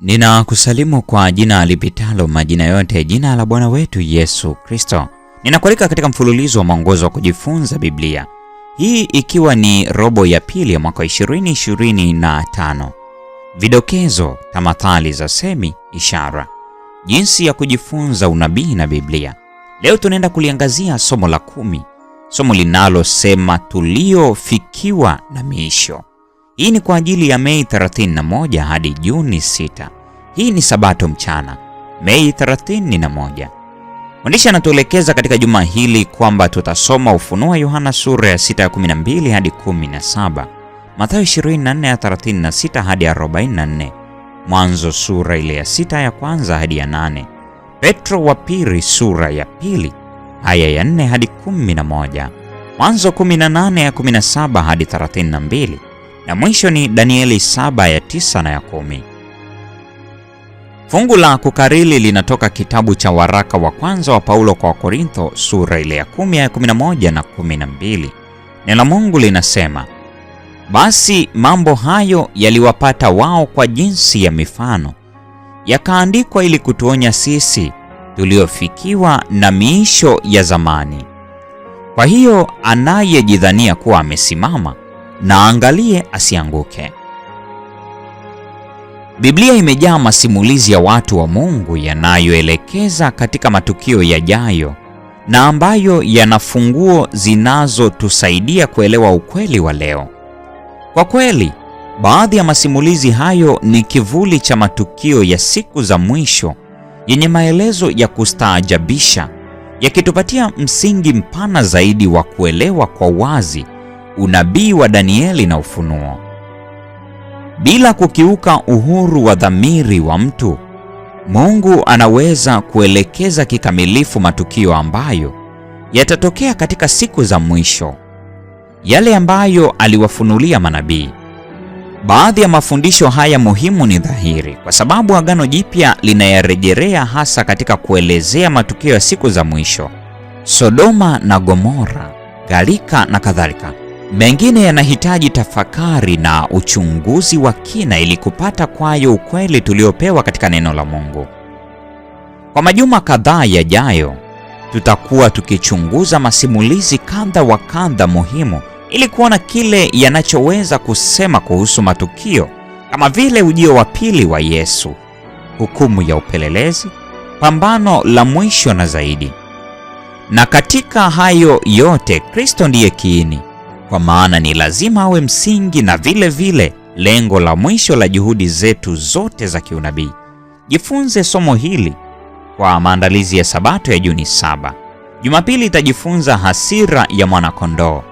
Ninakusalimu kwa jina lipitalo majina yote, jina la Bwana wetu Yesu Kristo. Ninakualika katika mfululizo wa mwongozo wa kujifunza Biblia, hii ikiwa ni robo ya pili ya mwaka 2025. Vidokezo, tamathali za semi, ishara, jinsi ya kujifunza unabii na Biblia. Leo tunaenda kuliangazia somo la kumi, somo linalosema tuliofikiwa na miisho. Hii ni kwa ajili ya Mei 31 hadi Juni 6. Hii ni sabato mchana, Mei 31. Mwandishi anatuelekeza katika juma hili kwamba tutasoma Ufunuo Yohana sura ya 6 ya 12 hadi 17, Mathayo 24 ya 36 hadi 44, Mwanzo sura ile ya sita ya kwanza hadi ya nane, Petro wa pili sura ya pili aya ya 4 hadi 11, Mwanzo 18 ya 17 hadi 32 na mwisho ni Danieli saba ya tisa na ya kumi. Fungu la kukariri linatoka kitabu cha waraka wa kwanza wa Paulo kwa Wakorintho sura ile ya 10 ya 11 na 12. Neno la Mungu linasema, basi mambo hayo yaliwapata wao kwa jinsi ya mifano, yakaandikwa ili kutuonya sisi tuliofikiwa na miisho ya zamani. Kwa hiyo anayejidhania kuwa amesimama na angalie asianguke. Biblia imejaa masimulizi ya watu wa Mungu yanayoelekeza katika matukio yajayo na ambayo yana funguo zinazotusaidia kuelewa ukweli wa leo. Kwa kweli, baadhi ya masimulizi hayo ni kivuli cha matukio ya siku za mwisho yenye maelezo ya kustaajabisha, yakitupatia msingi mpana zaidi wa kuelewa kwa wazi unabii wa Danieli na Ufunuo. Bila kukiuka uhuru wa dhamiri wa mtu, Mungu anaweza kuelekeza kikamilifu matukio ambayo yatatokea katika siku za mwisho, yale ambayo aliwafunulia manabii. Baadhi ya mafundisho haya muhimu ni dhahiri kwa sababu Agano Jipya linayarejelea hasa katika kuelezea matukio ya siku za mwisho: Sodoma na Gomora, gharika na kadhalika. Mengine yanahitaji tafakari na uchunguzi wa kina ili kupata kwayo ukweli tuliopewa katika neno la Mungu. Kwa majuma kadhaa yajayo, tutakuwa tukichunguza masimulizi kadha wa kadha muhimu ili kuona kile yanachoweza kusema kuhusu matukio kama vile ujio wa pili wa Yesu, hukumu ya upelelezi, pambano la mwisho na zaidi. Na katika hayo yote Kristo ndiye kiini kwa maana ni lazima awe msingi na vile vile lengo la mwisho la juhudi zetu zote za kiunabii. Jifunze somo hili kwa maandalizi ya Sabato ya Juni saba. Jumapili itajifunza hasira ya mwanakondoo,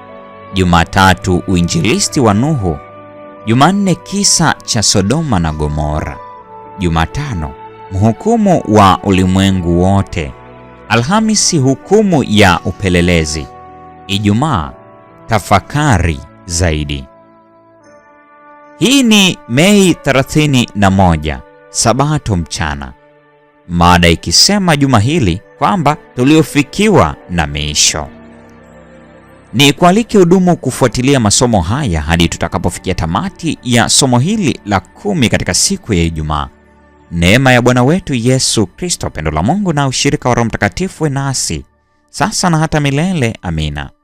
Jumatatu uinjilisti wa Nuhu, Jumanne kisa cha Sodoma na Gomora, Jumatano mhukumu wa ulimwengu wote, Alhamisi hukumu ya upelelezi, Ijumaa tafakari zaidi. Hii ni Mei 31, Sabato mchana, mada ikisema juma hili kwamba tuliofikiwa na miisho. Ni kualike hudumu kufuatilia masomo haya hadi tutakapofikia tamati ya somo hili la kumi katika siku ya Ijumaa. Neema ya Bwana wetu Yesu Kristo, pendo la Mungu na ushirika wa Roho Mtakatifu nasi sasa na hata milele. Amina.